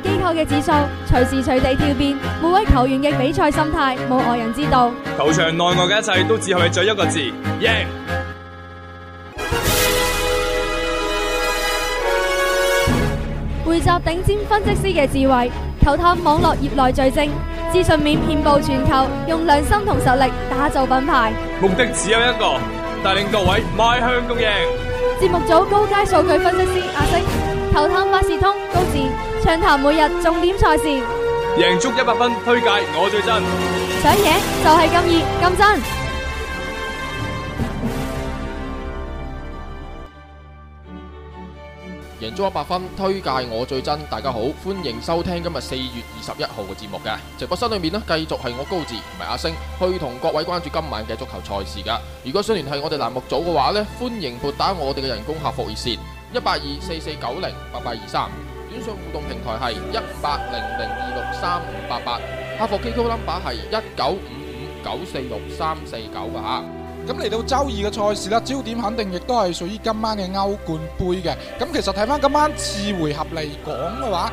機構嘅指數隨時隨地跳變，每位球員嘅比賽心態冇外人知道。球場內外嘅一切都只係在一個字：贏。匯集頂尖分析師嘅智慧，球探網絡業內最精，資訊面遍佈全球，用良心同實力打造品牌。目的只有一個，帶領各位邁向共贏。節目組高階數據分析師阿星。球探百事通，高智暢談每日重點賽事，贏足一百分，推介我最真，想贏就係咁熱咁真，贏足一百分，推介我最真。大家好，歡迎收聽今日四月二十一號嘅節目嘅直播室裏面呢，繼續係我高智同埋阿星去同各位關注今晚嘅足球賽事噶。如果想聯繫我哋欄目組嘅話呢，歡迎撥打我哋嘅人工客服熱線。一八二四四九零八八二三，短信互動平台係一八零零二六三五八八，客服 QQ number 係一九五五九四六三四九噶吓。咁嚟到周二嘅賽事啦，焦點肯定亦都係屬於今晚嘅歐冠杯嘅。咁其實睇翻今晚次回合嚟講嘅話。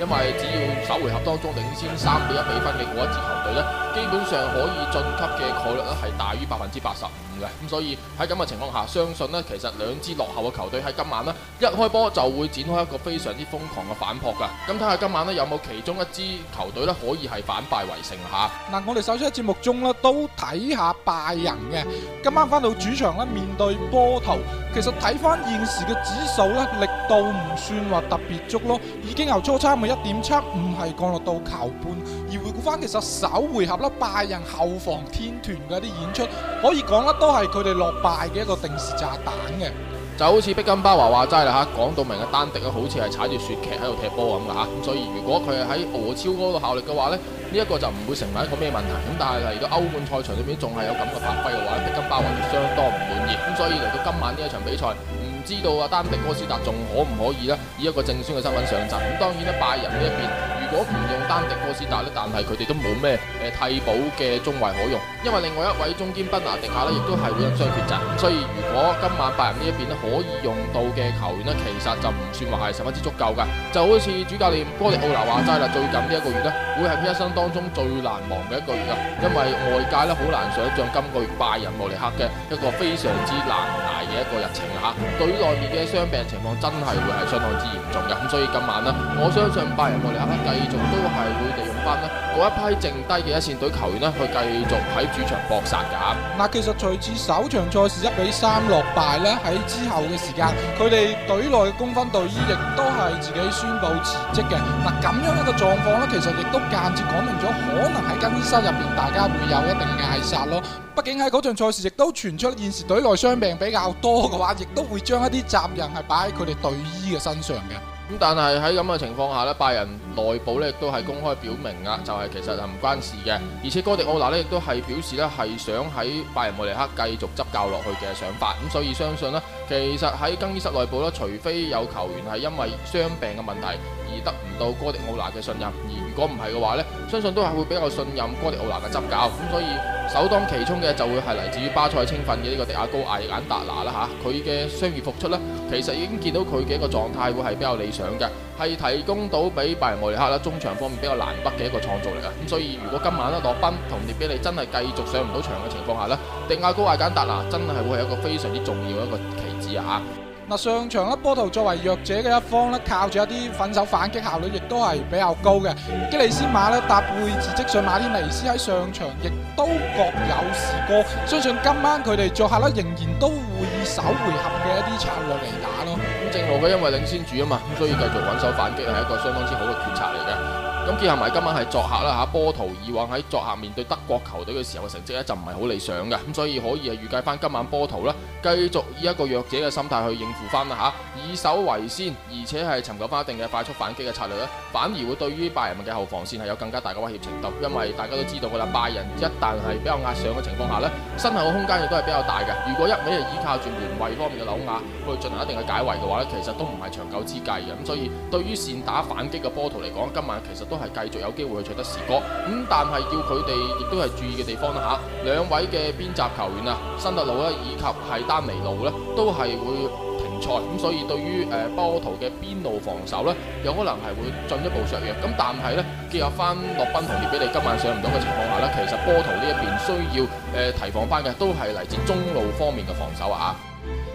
因為只要首回合當中領先三比一比分嘅嗰一支球隊咧，基本上可以晉級嘅概率咧係大於百分之八十五嘅。咁所以喺咁嘅情況下，相信咧其實兩支落後嘅球隊喺今晚咧一開波就會展開一個非常之瘋狂嘅反撲噶。咁睇下今晚咧有冇其中一支球隊咧可以係反敗為勝吓。嗱，我哋首先喺節目中咧都睇下拜仁嘅，今晚返到主場咧面對波頭，其實睇返現時嘅指數咧力度唔算話特別足咯，已經有出。差唔多一點七，唔係降落到球半，而回顧翻其實首回合啦，拜仁後防天團嘅啲演出，可以講得都係佢哋落敗嘅一個定時炸彈嘅，就好似碧金巴華話齋啦嚇，講到明嘅丹迪好似係踩住雪屐喺度踢波咁嘅嚇，咁所以如果佢係喺俄超嗰度效力嘅話呢呢一個就唔會成為一個咩問題，咁但係嚟到歐冠賽場裏面仲係有咁嘅發揮嘅話，碧金巴華會相當唔滿意，咁所以嚟到今晚呢一場比賽。知道啊，丹迪戈斯達仲可唔可以呢？以一個正選嘅身份上陣。咁當然咧，拜仁呢一邊如果唔用丹迪戈斯達呢，但係佢哋都冇咩誒替補嘅中衞可用，因為另外一位中堅賓拿迪亞呢，亦都係會因傷缺陣。所以如果今晚拜仁呢一邊咧可以用到嘅球員呢，其實就唔算話係十分之足夠㗎。就好似主教練哥迪奧拿話齋啦，最近呢一個月呢，會係佢一生當中最難忘嘅一個月啊，因為外界呢，好難想像今個月拜仁慕尼克嘅一個非常之難捱一個日程啦吓，隊內邊嘅傷病情況真係會係相當之嚴重嘅，咁所以今晚呢，我相信拜仁慕尼黑繼續都係會利用翻呢嗰一批剩低嘅一線隊球員呢，去繼續喺主場搏殺噶。嗱，其實隨住首場賽事一比三落敗呢，喺之後嘅時間，佢哋隊內嘅功勳隊醫亦都係自己宣布辭職嘅。嗱，咁樣一個狀況呢，其實亦都間接講明咗，可能喺更衣室入邊大家會有一定嗌殺咯。畢竟喺嗰場賽事亦都傳出現時隊內傷病比較多嘅話，亦都會將一啲責任係擺喺佢哋隊醫嘅身上嘅。咁但係喺咁嘅情況下呢，拜仁內部呢亦都係公開表明啊，就係、是、其實係唔關事嘅。而且哥迪奧納呢亦都係表示呢係想喺拜仁慕尼黑繼續執教落去嘅想法。咁所以相信咧，其實喺更衣室內部咧，除非有球員係因為傷病嘅問題而得唔到哥迪奧納嘅信任，而如果唔係嘅話呢，相信都係會比較信任哥迪奧納嘅執教。咁所以。首當其衝嘅就會係嚟自於巴塞青訓嘅呢個迪亞高艾簡達拿啦嚇，佢嘅傷愈復出呢，其實已經見到佢嘅一個狀態會係比較理想嘅，係提供到俾拜仁慕尼黑啦中場方面比較難得嘅一個創造力啊，咁所以如果今晚呢，諾賓同列比利真係繼續上唔到場嘅情況下呢，迪亞高艾簡達拿真係會係一個非常之重要嘅一個棋子啊！上場咧波圖作為弱者嘅一方咧，靠住一啲防守反擊效率亦都係比較高嘅。基利斯馬咧搭配自即上馬天尼斯喺上場亦都各有士哥，相信今晚佢哋作客咧仍然都會以首回合嘅一啲策略嚟打咯。咁正路嘅，因為領先咗啊嘛，咁所以繼續防守反擊係一個相當之好嘅決策嚟嘅。咁結合埋今晚係作客啦，波圖以往喺作客面對德國球隊嘅時候嘅成績咧就唔係好理想嘅，咁所以可以啊預計翻今晚波圖啦，繼續以一個弱者嘅心態去應付翻啦，以守為先，而且係尋求翻一定嘅快速反擊嘅策略咧，反而會對於拜仁嘅後防線係有更加大嘅威脅程度，因為大家都知道嘅啦，拜仁一旦係比較壓上嘅情況下咧，身後嘅空間亦都係比較大嘅，如果一味係依靠住聯位方面嘅紐亞去進行一定嘅解圍嘅話，其實都唔係長久之計嘅，咁所以對於善打反擊嘅波圖嚟講，今晚其實都係繼續有機會去取得士哥咁，但係要佢哋亦都係注意嘅地方啦吓。兩、啊、位嘅邊閘球員啊，新特魯啦以及係丹尼路呢，都係會停賽咁，所以對於誒、呃、波圖嘅邊路防守呢，有可能係會進一步削弱。咁但係呢，結合翻洛賓同列貝利今晚上唔到嘅情況下呢，其實波圖呢一邊需要誒、呃、提防翻嘅都係嚟自中路方面嘅防守啊。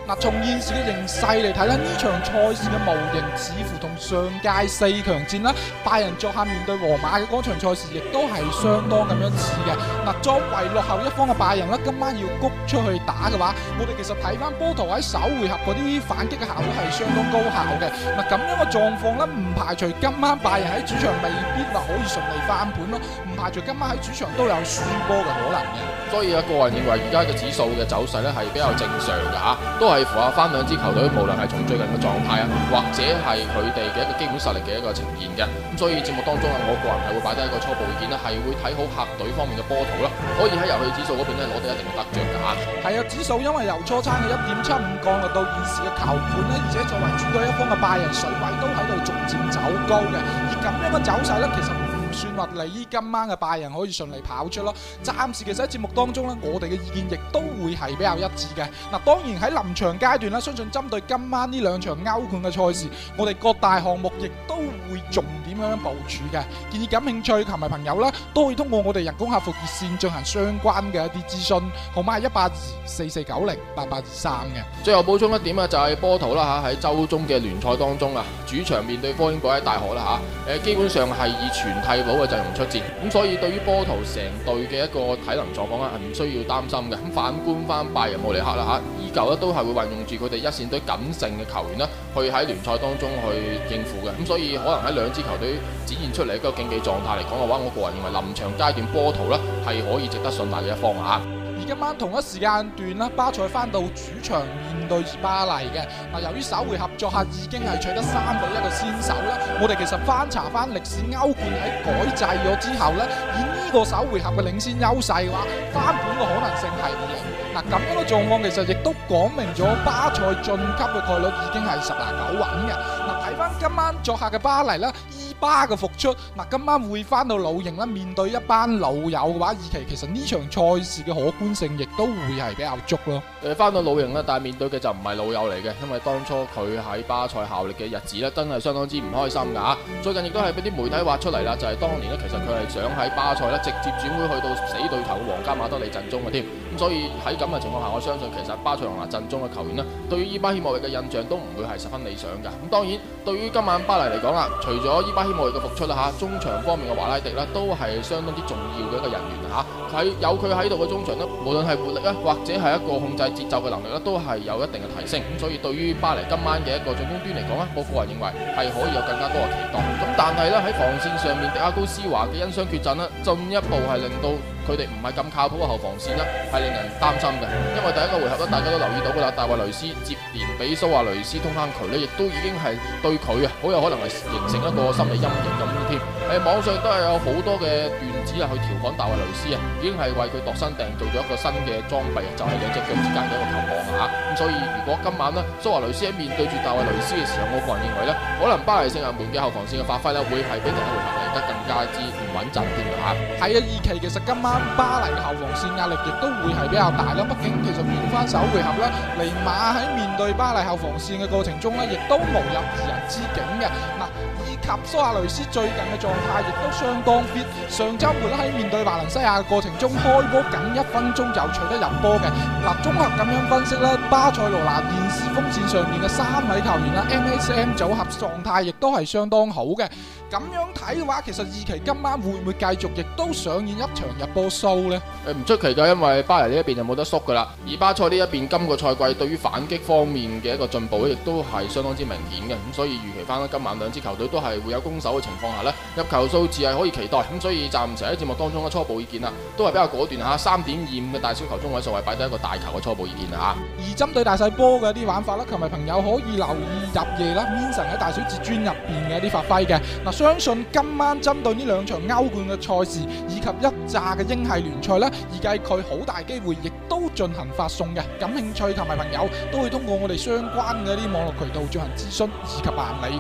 嗱，從現時嘅形勢嚟睇啦，呢場賽事嘅模型似乎同上屆四強戰啦，拜仁作客面對皇馬嘅嗰場賽事，亦都係相當咁樣似嘅。嗱，作為落後一方嘅拜仁啦，今晚要谷出去打嘅話，我哋其實睇翻波圖喺首回合嗰啲反擊嘅效果係相當高效嘅。嗱，咁樣嘅狀況咧，唔排除今晚拜仁喺主場未必可以順利翻本咯，唔排除今晚喺主場都有輸波嘅可能嘅。所以啊，個人認為而家嘅指數嘅走勢咧係比較正常嘅嚇，都係符合翻兩支球隊，無論係從最近嘅狀態啊，或者係佢哋嘅一個基本實力嘅一個呈現嘅。咁所以節目當中啊，我個人係會擺低一個初步意見啦，係會睇好客隊方面嘅波圖啦，可以喺遊戲指數嗰邊攞到一定嘅得著嘅嚇。係啊，指數因為由初餐嘅一點七五降落到現時嘅球盤咧，而且作為主隊一方嘅拜仁水位都喺度逐漸走高嘅，而咁樣嘅走勢呢，其實。算話嚟於今晚嘅拜仁可以順利跑出咯。暫時其實喺節目當中咧，我哋嘅意見亦都會係比較一致嘅。嗱，當然喺臨場階段啦，相信針對今晚呢兩場歐冠嘅賽事，我哋各大項目亦都會仲咁樣部署嘅，建議感興趣球迷朋友啦，都可以通過我哋人工客服熱線進行相關嘅一啲諮詢，號碼係一八二四四九零八八二三嘅。最後補充一點啊，就係波圖啦吓，喺周中嘅聯賽當中啊，主場面對科英戈爾大學啦吓，誒基本上係以全替補嘅陣容出戰，咁所以對於波圖成隊嘅一個體能狀況啊，係唔需要擔心嘅。咁反觀翻拜仁慕尼黑啦吓，依舊咧，都係會運用住佢哋一線隊謹慎嘅球員啦，去喺聯賽當中去應付嘅，咁所以可能喺兩支球隊，佢展現出嚟一個競技狀態嚟講嘅話，我個人認為臨場階段波圖咧係可以值得信賴嘅一方啊！而今晚同一時間段啦，巴塞翻到主場面對巴黎嘅嗱，由於首回合作客已經係取得三比一嘅先手啦，我哋其實翻查翻歷史歐冠喺改制咗之後咧，以呢個首回合嘅領先優勢嘅話，翻盤嘅可能性係唔大。嗱，咁樣嘅狀況其實亦都講明咗巴塞晉級嘅概率已經係十拿九穩嘅。嗱，睇翻今晚作客嘅巴黎啦。巴嘅復出，嗱，今晚會翻到老營啦，面對一班老友嘅話，以期其實呢場賽事嘅可觀性亦都會係比較足咯。誒，翻到老營啦，但係面對嘅就唔係老友嚟嘅，因為當初佢喺巴塞效力嘅日子咧，真係相當之唔開心㗎嚇。最近亦都係俾啲媒體挖出嚟啦，就係、是、當年呢，其實佢係想喺巴塞咧直接轉會去到死對頭皇家馬德里陣中嘅添。咁所以喺咁嘅情況下，我相信其實巴塞羅那陣中嘅球員呢，對於伊巴希莫力嘅印象都唔會係十分理想㗎。咁當然，對於今晚巴黎嚟講啦，除咗伊巴希望嘅復出啦嚇，中場方面嘅華拉迪咧都係相當之重要嘅一個人員嚇，喺有佢喺度嘅中場咧，無論係活力咧，或者係一個控制節奏嘅能力咧，都係有一定嘅提升。咁所以對於巴黎今晚嘅一個進攻端嚟講咧，我個人認為係可以有更加多嘅期待。咁但係呢，喺防線上面，迪亞高斯華嘅因傷缺陣咧，進一步係令到佢哋唔係咁靠譜嘅後防線啦，係令人擔心嘅。因為第一個回合，大家都留意到嘅啦，大衛雷斯接連俾蘇亞雷斯通坑渠咧，亦都已經係對佢啊，好有可能係形成一個心理陰影咁添。喺網上都係有好多嘅段子啊，去調侃大衛·雷斯啊，已經係為佢度身訂做咗一個新嘅裝備，就係兩隻腳之間嘅一個球網吓。咁所以如果今晚咧，蘇亞雷斯喺面對住大衛·雷斯嘅時候，我個人認為呢可能巴黎聖日門嘅後防線嘅發揮咧，會係比第一回合嚟得更加之唔穩陣啲吓。係啊，二期其，其實今晚巴黎嘅後防線壓力亦都會係比較大咯，畢竟其實換翻首回合呢尼馬喺面對巴黎後防線嘅過程中呢，亦都冇入無人之境嘅。嗱，以及蘇亞雷斯最近嘅狀況，狀態亦都相當 fit。上周末啦喺面對華倫西亞嘅過程中，開波僅一分鐘就取得入波嘅。嗱、啊，綜合咁樣分析啦，巴塞羅那現時鋒線上面嘅三位球員啦，M S M 組合狀態亦都係相當好嘅。咁樣睇嘅話，其實二期今晚會唔會繼續亦都上演一場入波收呢？誒，唔、欸、出奇噶，因為巴黎呢一邊就冇得縮噶啦。而巴塞呢一邊今個賽季對於反擊方面嘅一個進步亦都係相當之明顯嘅。咁所以預期翻呢今晚兩支球隊都係會有攻守嘅情況下呢，入球數字係可以期待。咁所以暫時喺節目當中嘅初步意見啦，都係比較果斷吓，三點二五嘅大小球中位數係擺低一個大球嘅初步意見啦吓。而針對大細波嘅一啲玩法咧，球迷朋友可以留意入夜啦，Mason 喺大小至尊入邊嘅一啲發揮嘅相信今晚針對呢兩場歐冠嘅賽事，以及一炸嘅英系聯賽呢，而家佢好大機會，亦都進行發送嘅。感興趣同埋朋友，都會通過我哋相關嘅啲網絡渠道進行諮詢以及辦理。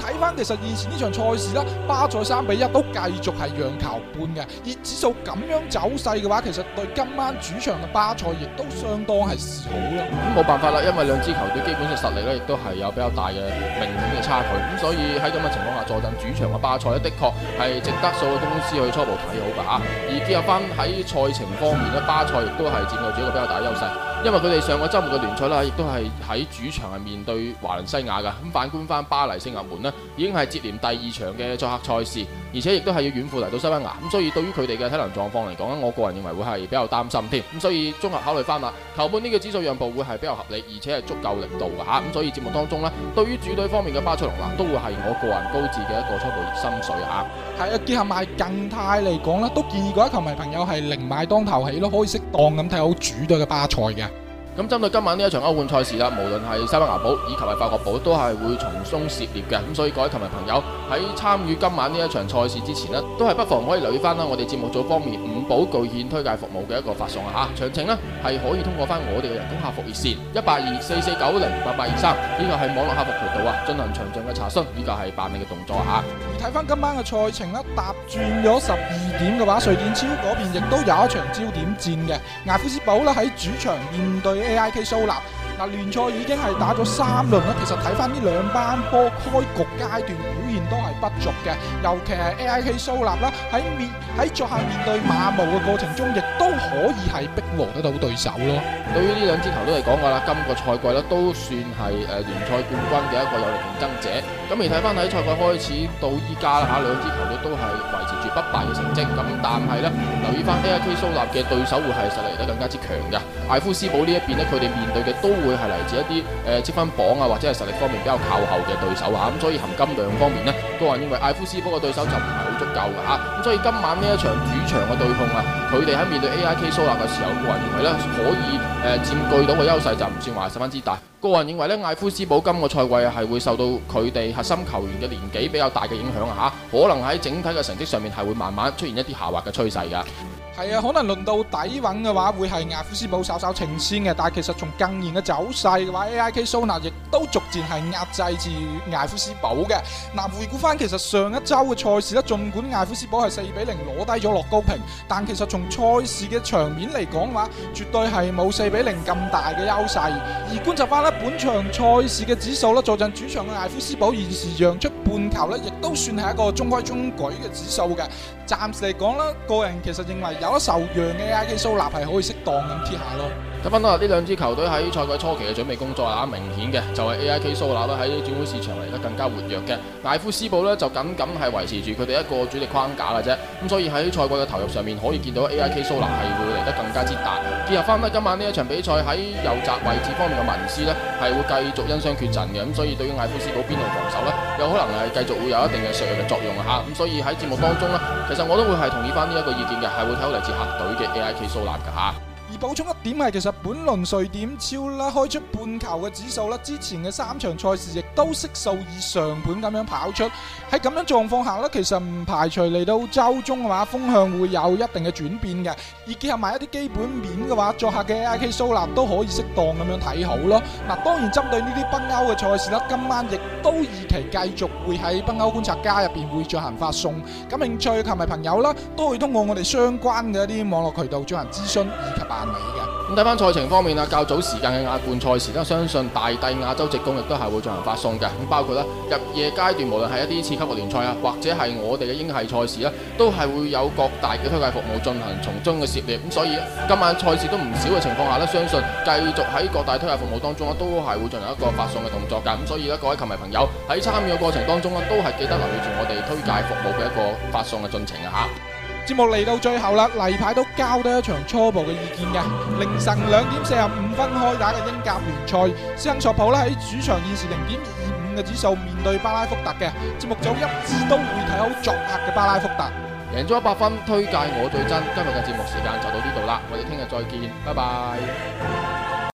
睇翻其實以前呢場賽事啦，巴塞三比一都繼續係讓球半嘅，而指數咁樣走勢嘅話，其實對今晚主場嘅巴塞亦都相當係好咯。咁冇辦法啦，因為兩支球隊基本上實力呢亦都係有比較大嘅明顯嘅差距。咁所以喺咁嘅情況下，坐鎮主場嘅巴塞呢，的確係值得數據公司去初步睇好㗎嚇、啊。而結合翻喺賽程方面呢，巴塞亦都係佔據住一個比較大嘅優勢。因為佢哋上個周末嘅聯賽啦，亦都係喺主場係面對華倫西亞嘅。咁反觀翻巴黎聖日耳門呢，已經係接連第二場嘅作客賽事，而且亦都係要遠赴嚟到西班牙。咁所以對於佢哋嘅體能狀況嚟講咧，我個人認為會係比較擔心添。咁所以綜合考慮翻啦，球盤呢個指數讓步會係比較合理，而且係足夠力度嘅吓。咁所以節目當中呢，對於主隊方面嘅巴塞羅那，都會係我個人高置嘅一個初步心水吓。係啊，結合埋近態嚟講咧，都建議嗰啲球迷朋友係寧買當頭起咯，可以適當咁睇好主隊嘅巴塞嘅。咁針對今晚呢一場歐冠賽事啦，無論係西班牙寶以及係法國寶，都係會從鬆涉獵嘅。咁所以各位球迷朋友喺參與今晚呢一場賽事之前咧，都係不妨可以留意翻啦我哋節目組方面五寶巨獻推介服務嘅一個發送啊嚇。詳情咧係可以通過翻我哋嘅人工客服熱線一八二四四九零八八二三呢個係網絡客服渠道啊，進行詳盡嘅查詢，呢個係辦理嘅動作嚇。而睇翻今晚嘅賽程咧，搭轉咗十二點嘅話，瑞典超嗰邊亦都有一場焦點戰嘅，艾夫斯堡啦喺主場面對，A I K 蘇納嗱，聯賽已經係打咗三輪啦。其實睇翻呢兩班波開局階段表現都係不俗嘅，尤其係 A I K 蘇納啦，喺面喺作客面對馬慕嘅過程中，亦都可以係逼和得到對手咯。對於呢兩支球隊嚟講，噶啦，今個賽季咧都算係誒聯賽冠軍嘅一個有力競爭者。咁而睇返喺賽季開始到依家啦嚇，兩支球隊都係維持住不敗嘅成績。咁但係呢，留意返 AIK 蘇納嘅對手會係實力得更加之強嘅。艾夫斯堡呢一邊咧，佢哋面對嘅都會係嚟自一啲誒積分榜啊或者係實力方面比較靠後嘅對手啊。咁所以含金量方面呢。個人認為艾夫斯堡嘅對手就唔係好足夠㗎吓，咁所以今晚呢一場主場嘅對碰啊，佢哋喺面對 AIK 蘇納嘅時候，個人認為呢可以誒佔據到嘅優勢，就唔算話十分之大。個人認為呢，艾夫斯堡今個賽季係會受到佢哋核心球員嘅年紀比較大嘅影響啊，可能喺整體嘅成績上面係會慢慢出現一啲下滑嘅趨勢噶。係啊，可能輪到底蘊嘅話，會係艾夫斯堡稍稍領先嘅。但係其實從近年嘅走勢嘅話，A.I.K. 蘇娜亦都逐漸係壓制住艾夫斯堡嘅。嗱，回顧翻，其實上一周嘅賽事咧，盡管艾夫斯堡係四比零攞低咗落高平，但其實從賽事嘅場面嚟講嘅話，絕對係冇四比零咁大嘅優勢。而觀察翻咧，本場賽事嘅指數呢，坐陣主場嘅艾夫斯堡現時讓出半球呢，亦都算係一個中規中矩嘅指數嘅。暫時嚟講咧，個人其實認為有。我受讓嘅阿基搜納係可以適當咁之下咯。睇翻啦，呢兩支球隊喺賽季初期嘅準備工作啊，明顯嘅就係 A I K 蘇拿啦，喺轉會市場嚟得更加活躍嘅。艾夫斯堡呢就僅僅係維持住佢哋一個主力框架嘅啫，咁所以喺賽季嘅投入上面可以見到 A I K 蘇拿係會嚟得更加之大。結合翻呢，今晚呢一場比賽喺右閘位置方面嘅文斯呢係會繼續因傷缺陣嘅，咁所以對於艾夫斯堡邊度防守呢，有可能係繼續會有一定嘅削弱嘅作用啊吓。咁所以喺節目當中呢，其實我都會係同意翻呢一個意見嘅，係會睇好嚟自客隊嘅 A I K 蘇拿噶吓。而補充一點係其實本輪瑞典超啦，開出半球嘅指數啦，之前嘅三場賽事亦都悉數以上盤咁樣跑出，喺咁樣狀況下咧，其實唔排除嚟到週中嘅話，風向會有一定嘅轉變嘅。而結合埋一啲基本面嘅話，作客嘅 AIK 蘇納都可以適當咁樣睇好咯。嗱，當然針對呢啲北歐嘅賽事啦，今晚亦都預期繼續會喺北歐觀察家入邊會進行發送。感興趣球迷朋友啦，都會通過我哋相關嘅一啲網絡渠道進行諮詢以及辦理嘅。睇翻賽程方面啊，較早時間嘅亞冠賽事，呢相信大帝亞洲直攻亦都係會進行發送嘅。咁包括啦，入夜階段無論係一啲次級嘅聯賽啊，或者係我哋嘅英系賽事呢都係會有各大嘅推介服務進行從中嘅涉獵，咁所以今晚賽事都唔少嘅情況下呢，相信繼續喺各大推介服務當中呢都係會進行一個發送嘅動作㗎。咁所以呢各位球迷朋友喺參與嘅過程當中呢都係記得留意住我哋推介服務嘅一個發送嘅進程啊！嚇。節目嚟到最後啦，例牌都交多一場初步嘅意見嘅。凌晨兩點四十五分開打嘅英甲聯賽，斯康索普啦喺主場現時零點二五嘅指數面對巴拉福特嘅。節目組一致都會睇好作客嘅巴拉福特，贏咗一百分。推介我最真。今日嘅節目時間就到呢度啦，我哋聽日再見，拜拜。